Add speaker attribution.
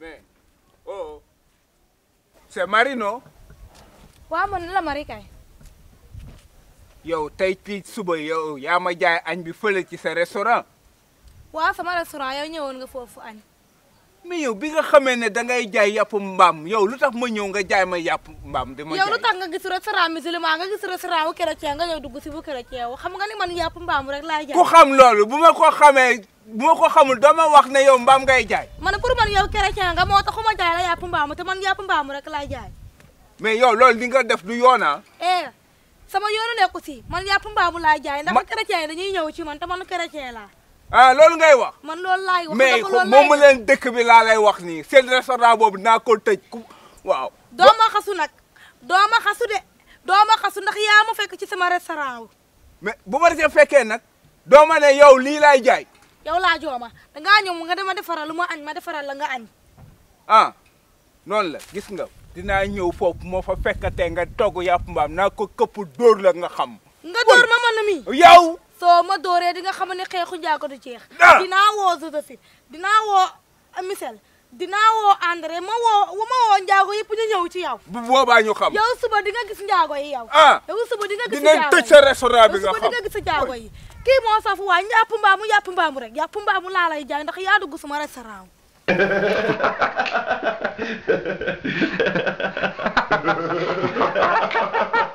Speaker 1: mais oh c'est Marie non.
Speaker 2: waaw man la Marie kay.
Speaker 1: yow tey ci suba yow yaa ma jaay añ bi fële ci sa restaurant.
Speaker 2: waaw sama restaurant yow ñëwoon nga foofu añ.
Speaker 1: mais yow bi nga xamee ne da ngay jaay yàpp mbaam yow lu tax ma ñëw nga jaay ma yàpp mbaam. dama jaay yow lu
Speaker 2: tax nga gis restaurant musulman nga gis restaurant wu chrétien nga ñëw dugg si bu chrétien wu xam nga ni man yàpp mbaam rek laay jaay. ku xam
Speaker 1: loolu bu ma ko xamee. bu ko xamul doo ma wax ne yow mbaam ngay jaay.
Speaker 2: man pour man yow chrétien nga moo taxuma jaay la yàpp mbaamu te man yàpp mbaamu rek laay jaay.
Speaker 1: mais yow loolu li nga def du yoona ah.
Speaker 2: eh sama yoonu nekku si man yàpp mbaamu laay jaay. ndax chrétien yi dañuy ñëw ci man te man chrétien la
Speaker 1: ah loolu ngay wax.
Speaker 2: man loolu laay wax mais moomu leen
Speaker 1: dëkk bi laa lay wax nii seen restaurant boobu naa ko tëj ku waaw.
Speaker 2: doo ma xasu nag doo ma xasu de doo ma xasu ndax yaa ma fekk ci sama restaurant
Speaker 1: mais bu ma fekkee nag doo ma ne yow lii laay jaay.
Speaker 2: yow laa jooma dangaa ñëw nga dama defaral lu ma añ ma defaral la nga añ
Speaker 1: ah noonu la gis nga dinaa ñëw foofu moo fa fekkatee nga togg yàpp mbaam naa ko këpp dóor la nga xam
Speaker 2: nga dóor ma man mi yow soo ma dóoree di nga xam ni xeexu njaago du jeex ah! dinaa woo Joséphine dinaa woo Michel dinaa woo André ma woo ma woo njaago yëpp ñu ñëw ci yow.
Speaker 1: bu boobaa ñu xam. yow
Speaker 2: suba di nga gis njaago yi yow. ah yow suba di nga gis njaago yi dinañ tëj sa
Speaker 1: restaurant bi nga xam yow
Speaker 2: yi. kii moo yaa dugg sama